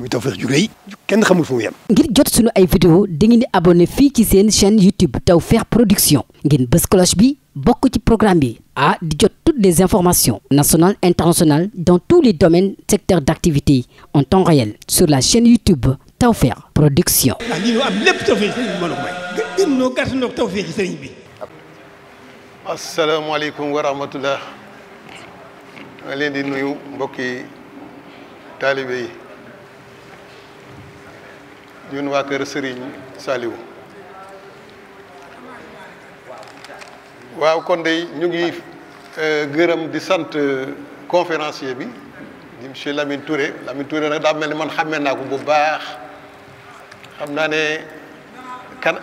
muy Tawfekh ju ngir jot sunu ay vidéo dangeen di abonné fii ci seen chaîne YouTube Tawfekh Production ngeen bës bi bokk ci programme bi a di jot toutes les informations nationales internationales dans tous les domaines secteurs d'activité en temps réel sur la chaîne YouTube Tawfekh Production. ah lii ñu am lépp Tawfekh sëriñ bi mën a may. bi. asalaamaaleykum wa rahmatullah. maa di nuyu mbokki taalibe ñun waa kër Serigne Saliou waaw kon de ñu ngi euh, gërëm di sant euh, conférencier bi di monsieur Lamine Touré Lamine nag daa mel ni man xàmmee naa ko bu baax xam naa ne kan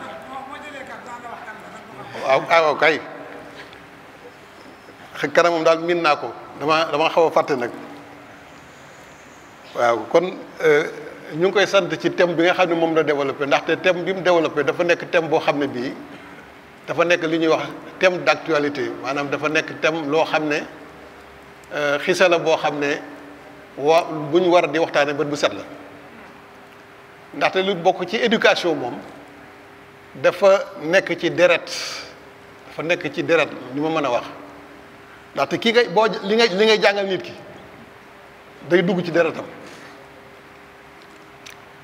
waaw ah, waaw kay miin naa ko dama xaw a fàtte nag waaw kon. Euh, ñu ngi koy sant ci thème bi nga xam ne moom la développé ndaxte tem bi mu développé dafa nekk thème boo xam ne bii dafa nekk li ñuy wax thème d'actualité maanaam dafa nekk thème loo xam ne euh, xisa la boo xam ne wa bu ñu war di waxtaanee bët bu set la ndaxte lu bokk ci éducation moom dafa nekk ci deret dafa nekk ci deret li ma mën a wax ndaxte ki ngay boo li ngay li ngay jàngal nit ki day dugg ci deretam.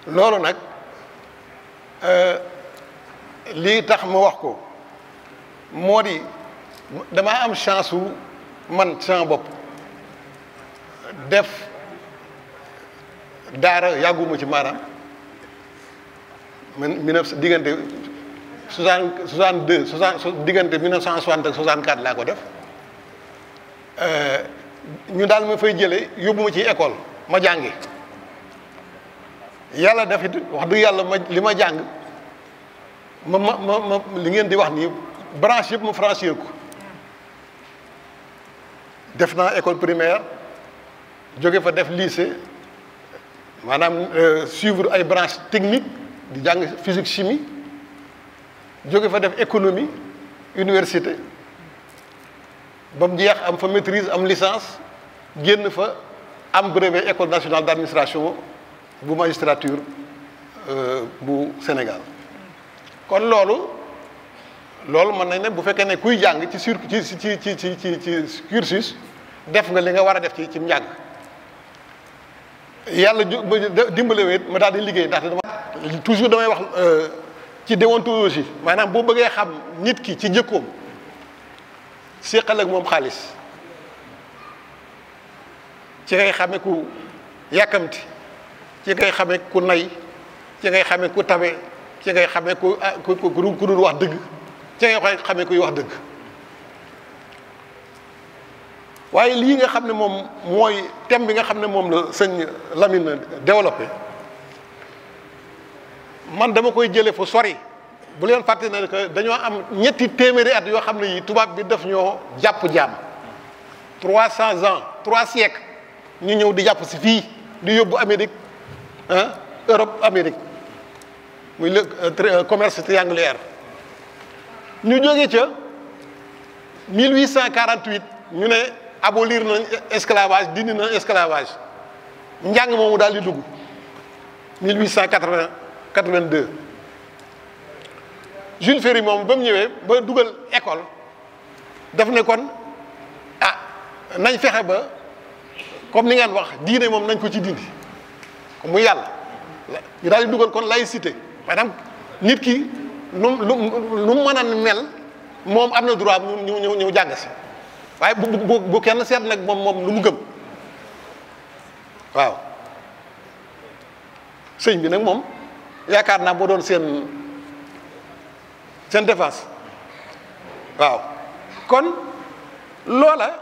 loolu nag euh, lii tax ma wax ko moo di damaa am chance wu man sama bopp def daara yàgguma ci maanaam man mille neuf diggante soixante soixante deux soixante diggante mille neuf cent soixante quatre laa ko def euh, ñu daal ma fay jële yóbbu ci école ma jàngi yàlla def it wax dëgg yàlla ma li ma jàng ma ma ma ma li ngeen di wax nii branche yëpp ma franchir ko def naa école primaire jóge fa def lycée maanaam euh, suivre ay branche technique di jàng physique chimie jóge fa def économie université ba mu jeex am fa maîtrise am licence génn fa am brevet école nationale d'administration bu magistrature euh, bu Sénégal kon loolu loolu mën nañ ne bu fekkee ne kuy jàng ci sur ci ci ci ci ci ci cursus def nga li nga war a def ci ci njàng yàlla dimbale wéet ma daal di liggéey ndaxte dama toujours damay wax euh, ci déontologie maanaam boo bëggee xam nit ki ci jëkkoom séqal ak moom xaalis ci ngay xame ku yàkkamti ci ngay xamee ku nay ci ngay xamee ku tabe ci ngay xamee ku ah, ku ku dul wax dëgg ci ngay xamee kuy wax dëgg waaye lii nga xam ne moom mooy thème bi nga xam ne moom la sëñ Lamine développé man dama koy jëlee fu sori bu leen fàtte na que dañoo am ñetti téeméeri at yoo xam ne yi tubaab bi def ñoo jàpp jaam trois cents ans trois siècles ñu ñëw di jàpp si fii di yóbbu Amérique ah Europe Amérique muy le euh, euh, commerce triangulaire ñu joge ca 1848 ñu ne abolir nañ esclavage dindi nañ esclavage njàng moomu daal di dugg 1880 82 Jules Ferry moom ba mu ñëwee ba dugal école def ne kon ah nañ fexe ba comme ni ngaan wax diine moom nañ ko ci dindi. mu yàlla ñu daal di dugal kon laïcité maanaam nit ki lu lu lu mën a mel moom am na droit mu ñu ñu ñu jàng si waaye bu bu bu kenn seet nag moom moom lu mu gëm waaw sëñ bi nag moom yaakaar naa boo doon seen seen défense waaw kon loola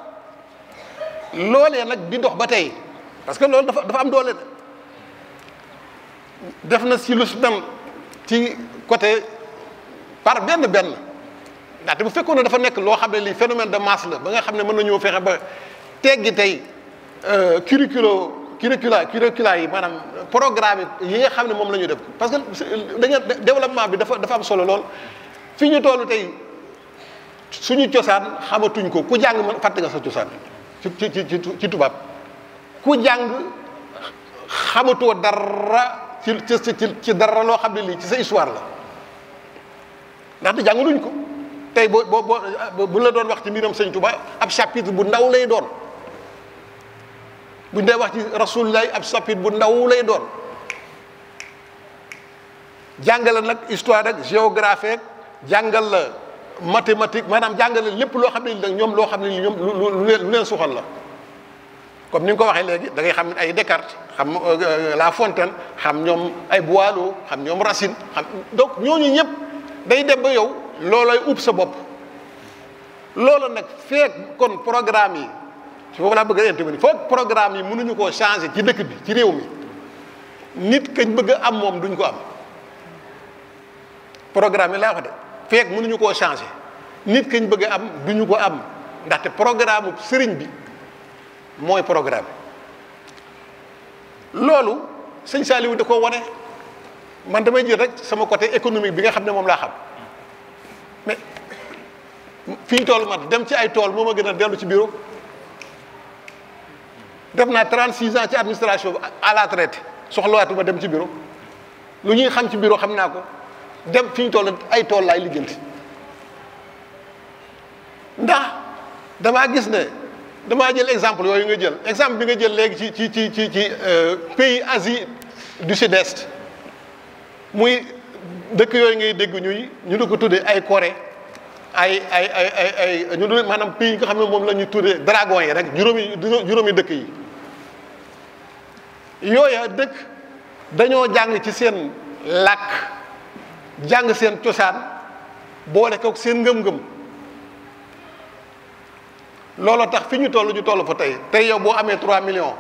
loolee nag di dox ba tey parce que loolu dafa dafa am doole. def na silus tam ci côté par benn benn ndaxte bu fekkoon ne dafa nekk loo xam ne lii phénomène de masse la ba nga xam ne mën nañoo fexe ba teggi tey euh, curriculo curricula curricula yi maanaam programme yi nga xam ne moom la ñu def parce que dañu développement bi dafa dafa am solo lool fi ñu toll tey suñu cosaan xamatuñ ko ku jàng man fàtte nga sa cosaan ci ci ci tubaab ku jàng xamatoo dara. ci ci ci dara loo xam ne lii ci sa histoire la ndaxte jàngaluñ ko tey boo boo boo bu la doon wax ci mbiram sëñ Touba ab chapitre bu ndaw lay doon buñ dee wax ci rasulullah ab chapitre bu ndaw lay doon jàngale nag histoire ak géographie ak jàngal la mathématique maanaam jàngale lépp loo xam ne nag ñoom loo xam ne ñoom lu leen soxal la. comme ni nga ko waxee léegi da ngay xam ay Descartes xam euh, euh, La Fontaine xam ñoom ay Boileau xam ñoom Racine xam donc ñooñu ñëpp day dem ba yow loolooy ub sa bopp loola nag feek kon programme yi ci foofu laa bëgg a intervenir foog programme yi mënuñu koo changer ci dëkk bi ci réew nit kañ bëgg a am moom duñ ko am programme yi laa wax de feek mënuñu koo changer nit kañ bëgg a am duñu ko am ndaxte programme sëriñ bi mooy programme loolu sëñ Saliou da koo wane man damay jël rek sama côté économique bi nga xam ne moom laa xam mais fi ñu toll man dem ci ay tool moo ma gën a dellu ci bureau def naa 36 ans ci administration à la traite soxlawaatuma dem ci bureau lu ñuy xam ci bureau xam naa ko dem fi ñu toll ay tool laay liggéent ndax damaa gis ne. damaa jël exemple yooyu nga jël exemple bi nga jël léegi ci ci ci ci ci euh, pays asi du sud-est muy dëkk yooyu ngay dégg ñuy ñu du ko tuddee ay kore ay ay ay ay ay ñu du maanaam pays yi nga xam ne moom la ñu tuddee dragon yi rek juróomi juróomi dëkk yi yooya dëkk dañoo jàng ci seen làkk jàng seen cosaan boole kook seen ngëm-ngëm looloo tax fi ñu toll ñu toll fa tey tey yow boo amee 3 millions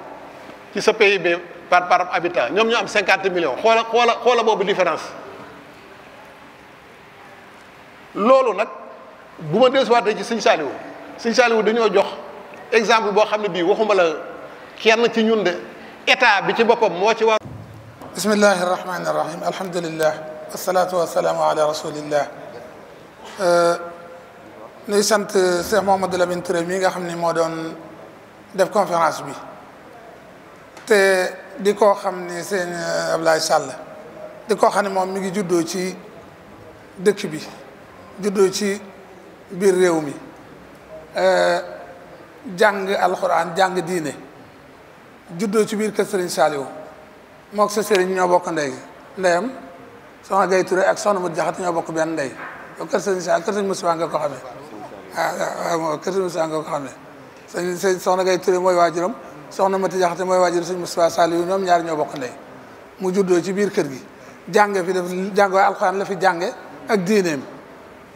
ci sa PIB par par habitant ñoom ñu am 50 millions xoola xoola xoola boobu différence loolu nag bu ma desuwaatee ci sëñ Saaliwu sëñ Saaliwu dañoo jox exemple boo xam ne bii waxuma la kenn ci ñun de état bi ci boppam moo ci war bismillahi rahmani rahim alhamdulillah wasalaatu wasalaamu ala rasulillah euh, nuy sant Cheikh Mouhamadou Lamine Touré mi nga xam ni moo doon def conférence bi te di koo xam ni seen euh, Ablaye sàll di koo xam ne moom mi ngi juddoo ci dëkk bi juddoo ci biir réew mi euh, jàng alxuraan jàng diine juddoo ci biir kër Serigne Saliou mook sa Serigne ñoo bokk ndey ndeyam soxna Gaye Touré ak soxna Modou Diakhaté ñoo bokk benn ndey yow kër Serigne Saliou kër Serigne Moussa nga ko xamee ah waaw ah, ah, kër Moussa nga ko xam ne sëñ sëñ soxna Gaye Touré mooy waajuram soxna Mati Jaxate mooy waajuram sëñ Moustapha Saliou ñoom ñaar ñoo bokk ndey mu juddoo ci biir kër gi jànge fi def jàngo alxuraan la fi jànge ak diineem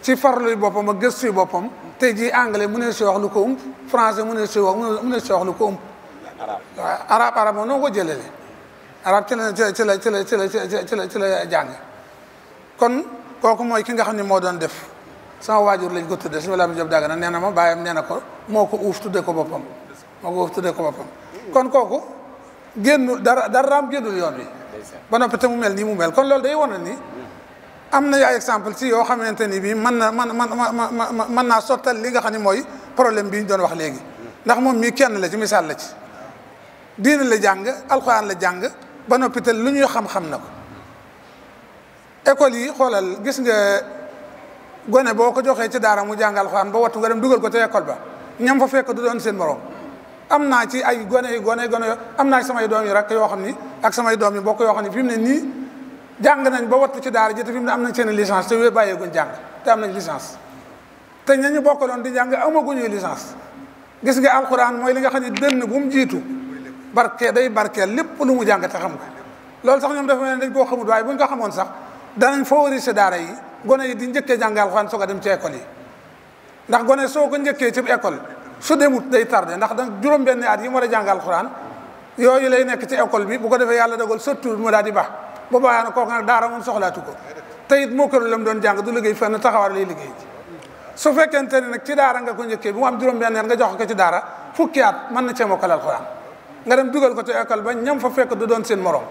ci farluy boppam ak gëstuy boppam tey jii anglais mu ne si wax lu ko ump français mu ne si wax mu ne si lu ko ump waaw arab arab moom noo ko jëlele arab ci la ci la ci la ci la ci la ci la jàng kon kooku mooy ki nga xam ne moo doon def sama waajur lañ ko tudde suñu wala bi job dagg na nee na ma bàyyam nee na ko moo ko uuf tudde ko boppam moo ko uuf tudde ko boppam kon kooku génn dara daraam génnul yoon wi ba noppi te mu mel nii mu mel kon loolu day wane ni am na ay exemple ci yoo xamante ni bii mën na man man ma mën naa sottal li nga xam ne mooy problème bi ñu doon wax léegi ndax moom mii kenn la ci misaal la ci diina la jàng alxuraan la jàng ba noppi te lu ñuy xam-xam na ko école yi xoolal gis nga gone boo ko joxee ci daara mu jàngal xaan ba wattu nga dem dugal ko te école ba ñam fa fekk du doon seen morom am naa ci ay gone yu gone gone am naa ci samay doom yi rek yoo xam ni ak samay doom yi bokk yoo xam ni fi mu ne nii jàng nañ ba wattu ci daara ji te fi mu am nañ seen licence te wee bàyyeeguñ jàng te am nañ licence te ñañu bokk doon di jàng amaguñuy licence gis nga alxuraan mooy li nga xam ne dënn bu mu jiitu barke day barkeel lépp lu mu jàng te xam nga loolu sax ñoom dafa mel ne dañ xamut waaye bu ñu ko xamoon sax danañ se daara yi gone yi di njëkkee jàng alxuraan soog a dem ci école yi ndax gone soo ko njëkkee ci école su demut day tardé ndax danga juróom-benn at yi mu war a jàng alxuraan yooyu lay nekk ci ecole bi bu ko defee yàlla dogal surtout mu daal di baax bu baaxee na kooku daara moom soxlaatu ko te it moo këru la doon jàng du liggéey fenn taxawaar lay liggéey su fekkente ne nag ci daara nga ko njëkkee bu mu am juróom-benn at nga jox ko ci daara fukki at mën na cee mokkal alxuraan nga dem dugal ko ci école ba ñam fa fekk du doon seen morom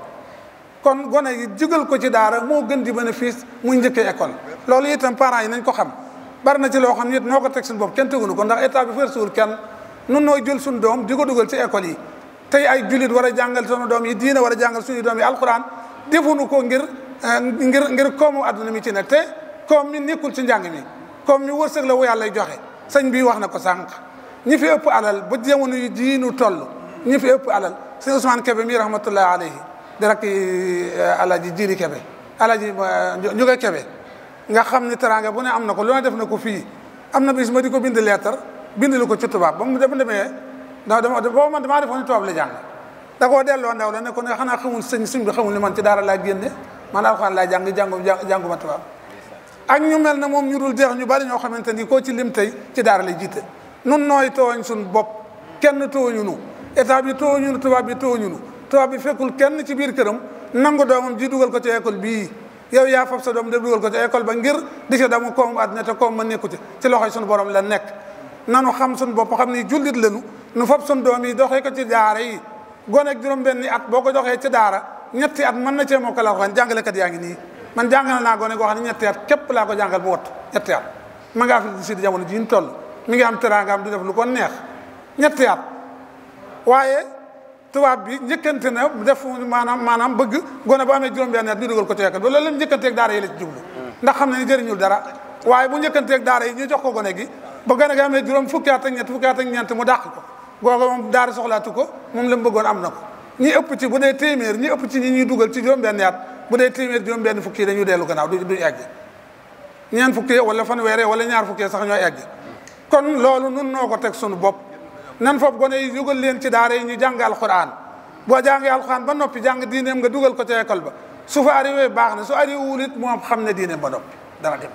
kon gone yi jugal ko ci daara moo gën di bénéfice mu njëkkee école loolu itam parents yi nañ ko xam bari na ci loo xam it noo ko teg suñu bopp kenn tëgunu ko ndax état bi fersuwul kenn nun nooy jël suñu doom di ko dugal ci école yi tey ay jullit war a jàngal suñu doom yi diina war a jàngal suñu doom yi alquran defunu ko ngir eh, ngir ngir koomu adduna mi ci nekk te kom mi nekkul ci njàng mi koom mi wërsëg la wu yàlla joxe sëñ bi wax na ko sànq ñi fi ëpp alal ba jamono yi diinu toll ñi fi ëpp alal sëñ Ousmane Kébé mi rahmatullahi alayhi di rakk eh, alaaji jiri kebe alaaji eh, njuge kebe nga xam ni teraanga bu ne am na ko lu ne def na ko fii am na bis ma di ko bind leetar bindi lu ko ci tubaab ba mu dem demee ndaw dama boobu man damaa defoon ni tubaab la jàng da koo delloo ndaw la ne ko ne xanaa xamul sëñ sëñ bi xamul ni man ci daara laa génne man alxuraan laa jàng jàngu jànguma tubaab ak ñu mel na moom ñu dul jeex ñu bari ñoo xamante ni koo ci lim tey ci daara lay jiite nun nooy tooñ suñ bopp kenn tooñu nu état bi tooñu nu tubaab yi bi ñu nu tubaab bi fekkul kenn ci biir këram nangu doomam ji dugal ko ci école bii yow yaa fab sa doom de dugal ko ci école ba ngir di ca damu koomu àddina te koom ma nekku ci ci loxoy suñu borom la nekk nanu xam suñu bopp xam ni jullit lanu nu fab suñu doom yi doxee ko ci daara yi gone ak juróom benni at boo ko doxee ci daara ñetti at man na cee moo ko la jàngale kat yaa ngi nii man jàngal naa gone goo xam ne ñetti at képp laa ko jàngal mu wot ñetti at ma nga Afrique du Sud ñu ngi am teraangaam di def lu ko neex ñetti at tubaab bi njëkkante na def maanaam maanaam bëgg gone ba amee juróom-benn at ñu dugal ko ci école ba loolu lañ njëkkanteeg daara yi la na ni jëriñul dara waaye bu njëkkanteeg daara yi ñu jox ko gone gi ba gone gi amee juróom fukki at ak ñett fukki at ak ñeent mu dàq ko googa moom daara ko moom bëggoon am na ko ëpp ci bu dee téeméer ñi ëpp ci ñi ñuy dugal ci juróom-benn at bu téeméer juróom-benn fukki yi dañuy dellu gannaaw duñu egg ñeent fukki wala fanweer wala ñaar fukki sax ñoo egg kon loolu nun noo ko teg sunu bopp nan foofu gone yi dugal leen ci daara yi ñu jàng alquran boo jàngee alquran ba noppi jàng diineem nga dugal ko ca école ba su fa arrivé baax na su arrivé wul it moom xam ne diineem ba noppi dana dem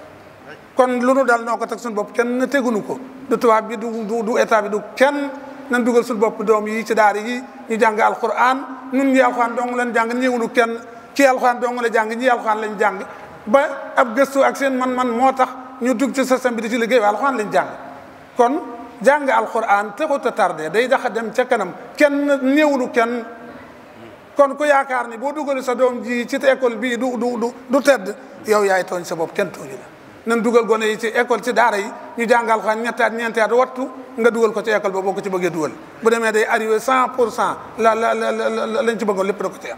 kon lu nu dal noo ko teg suñu bopp kenn tegunu ko du tubaab bi du du état bi du kenn nan dugal suñu bopp doom yi ci daara yi ñu jàng alquran nun ñi alquran dong leen jàng ñëwunu kenn ci alquran dong la jàng ñi alquran lañ jàng ba ab gëstu ak seen man-man moo tax ñu dugg ci système bi di ci liggéey alquran lañ jàng kon jàng alquran te ko ta tardé day dax dem ca kanam kenn néewlu kenn kon ku yaakaar ni boo dugal sa doom ji ci école bi du du du du tedd yow yaay tooñ sa bopp kenn tooñu la nan dugal gone yi ci école ci daara yi ñu jàngal ko ñetti at wattu nga dugal ko ci ci bëggee dugal bu demee day arrivé cent pour cent la la ci bëggoon lépp da ko ci am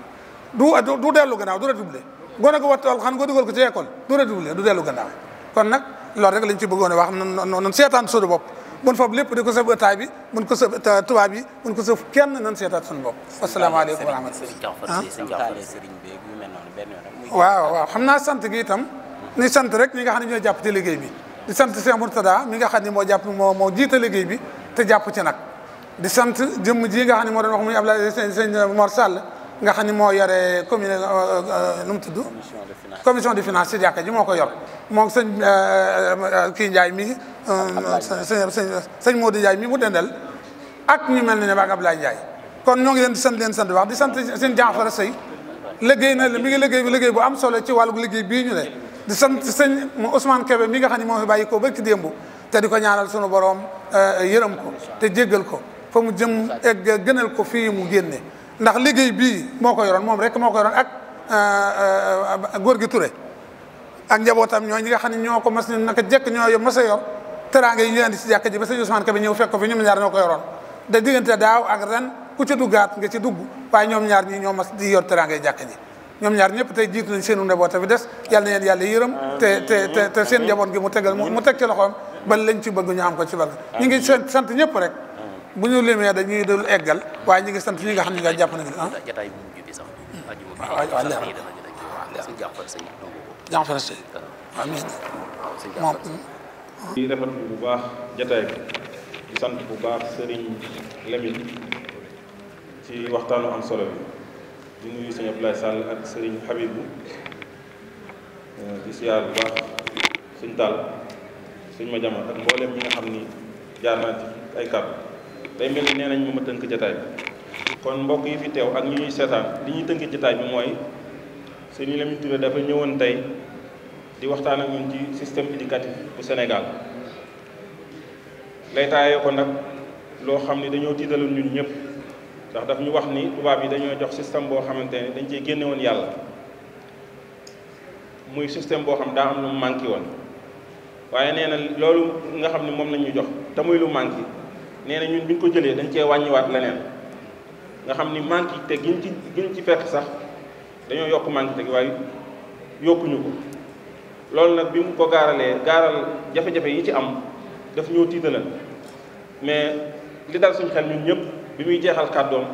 du du dellu gannaaw du redoublé gone ko wattu alxan nga dugal ko ci école du redoublé du dellu gannaaw kon nag loolu rek lañ ci bëggoon wax noonu seetaan suñu bopp mun foofu lépp di ko sëf état bi mun ko sëf tubaab bi mun ko sëf kenn nan seetaat suñu bopp. asalaamaaleykum wa rahmatulah. waaw waaw xam naa sant gi itam. ni sant rek ñi nga xam ne ñoo jàpp ci liggéey bi. di sant Cheikh Mourtada mi nga xam ne moo jàpp moo moo jiite liggéey bi te jàpp ci nag. di sant jëmm ji nga xam ne moo doon wax muy Abdoulaye sëñ sëñ Mor Sall nga xam ni moo yore commune nu mu tudd. commission de finance commission de finance ci jàkka ji moo ko yor. moo sëñ kii Ndiaye mii. Ah, sëñ sëñ Modou Ndiaye mi mu dendal ak ñu mel ne ne baag Ablaye Ndiaye kon ñoo ngi leen di sant leen sant wax di sant seen Jaafar say liggéey na mi ngi liggéey liggéey bu am solo ci wàllu liggéey bii ñu ne di sant sëñ Ousmane Kébé mi nga xam ne moo fi bàyyi koo ba démb te di ko ñaanal sunu boroom eh, yërëm ko te jéggal ko fa mu jëm egg gënal ko fii mu génne ndax liggéey bii moo ko yoroon moom rekk moo ko yoroon ak eh, eh, góor gi Touré ak njabootam ñoo ñi nga xam ne ñoo ko mas naka jekk ñoo mas a teraanga yi ñu andi ci jàkka ji ba sëñ Ousmane Kebe ñëw fekk ko fi ñoom ñaar ñoo ko yoroon da diggante daaw ak ren ku ci duggaat nga ci dugg waaye ñoom ñaar ñi ñoo mas di yor teraanga yi jàkka ji ñoom ñaar ñëpp tey jiitu nañ seenu njaboot fi des yal na yeen yàlla yërëm te te te te seen njaboot gi mu tegal mu teg ci loxoom ba lañ ci bëgg ñu am ko ci bëgg ñu ngi sant ñëpp rek bu ñu limee dañuy dul eggal waaye ñu ngi sant ñi nga xam ne nga jàpp nañ ah di rafetlu bu baax jataay bi di sant bu baax sëriñ Lamine ci waxtaanu am solo bi di nuyu sëñ Abdoulaye Sall ak sëriñ Habibou euh, di siyaar bu baax sëñ Tall sëñ Madiama ak mbooleem ñi nga xam ni jaar naa ci ay kàddu day mel ni nee nañ ma ma tënk jataay bi kon mbokk yi fi teew ak ñu ñuy seetaan li ñuy tënk jataay bi mooy sëriñ Lamine Touré dafa ñëwoon tey di waxtaan ak ñun ci système éducatif bu senegal lay taayee ko nag loo xam ni dañoo tiitaloon ñun ñëpp ndax daf ñu wax ni tubaab yi dañoo jox système boo xamante ne dañ cee génne woon yàlla muy système boo xam daa am lu mu manqué woon waaye nee na loolu nga xam ne moom la ñu jox te muy lu manqué nee na ñun bi ñu ko jëlee dañ cee wàññiwaat leneen nga xam ni manqué te giñ ci giñ ci fekk sax dañoo yokk manqué te waaye yokkuñu ko. loolu nag bi mu ko gaaralee gaaral jafe-jafe yi ci am daf ñoo tiitalal mais li dal suñ xel ñun ñëpp bi muy jeexal kàddoom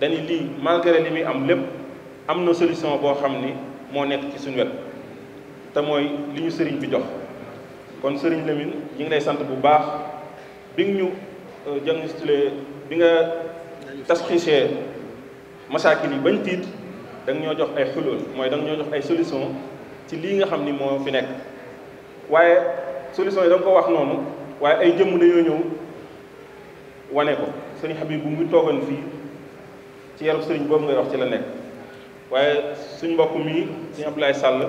dañuy lii malgré li muy am lépp am na solution boo xam ni moo nekk ci suñ wet te mooy li ñu sëriñ bi jox kon sëriñ lemin ñi ngi lay sant bu baax bi nga ñu euh, diagnostiqué bi nga tasxiisee masaakil yi bañ tiit da ñoo jox ay xulóol mooy da ñoo jox ay solution ci lii nga xam ni moo fi nekk waaye solution yi da ko wax noonu waaye ay jëmm dañoo ñëw wane ko sëriñ Habib bu muy toogoon fii ci yarub sëriñ boobu ngay wax ci la nekk waaye suñ mbokk mi suñu Abdoulaye Sall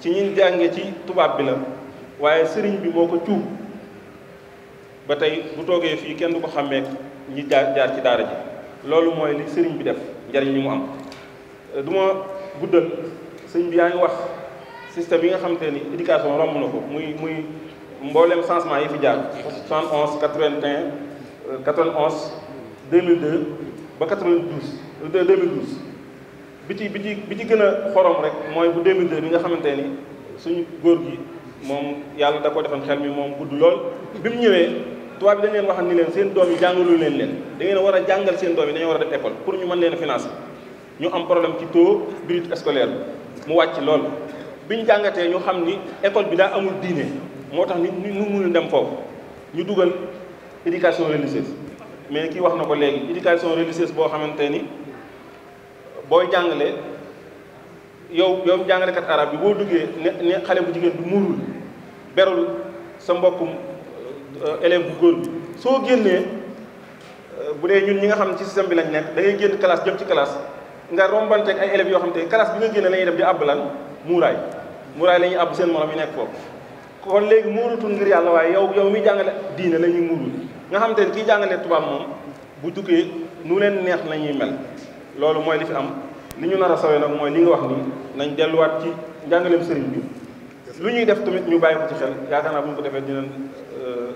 ci ñin jànge ci tubaab bi la waaye sëriñ bi moo ko cuub ba tey bu toogee fii kenn du ko xàmmee ñi jaar jaar ci daara ji loolu mooy li sëriñ bi def njariñ li mu am du guddal sëñ bi yaa ngi wax système yi nga xamante ni éducation romb na ko muy muy mbooleem changement yi fi jaar 71 81 91 2002 ba 92 2012 euh, bi ci bi ci bi ci gën a xorom rek mooy bu 2002 bi nga xamante ni suñu góor gi moom yàlla da ko defoon xel mi moom gudd lool bi mu ñëwee tubaab bi dañ leen wax ni leen seen doom yi jàngalu leen leen da ngeen war a jàngal seen doom yi dañoo war a def école pour ñu mën leen a ñu am problème ci taux brut scolaire mu wàcc lool biñ jàngatee ñu xam ni école bi daa amul diine moo tax ñu mu mënul dem foofu ñu dugal éducation religieuse mais kii wax na ko léegi éducation religieuse boo xamante ni booy jàngale yow yow jàngalekat arab bi boo duggee ne ne xale bu jigéen du muurul berul sa mbokkum euh, élève bu góor bi soo génnee euh, bu dee ñun ñi nga xam ne ci système bi lañ nekk da ngay génn classe jëm ci classe nga rombante ak ay élèves yoo xam te classe bi nga génne la ñuy dem di àbb lan muuraay muuraay la ñuy àbb seen morom yi nekk foofu kon léegi muurutul ngir yàlla waaye yow yow mi jàngale diine la ñuy muurul nga xam te ne kii jàngale tubaab moom bu tukkee nu leen neex la ñuy mel loolu mooy li fi am li ñu nar a sawee nag mooy li nga wax nii nañ delluwaat ci jàngaleem sëriñ bi lu ñuy def tamit ñu bàyyi ko ci xel yaakaar naa bu ñu ko defee dinañ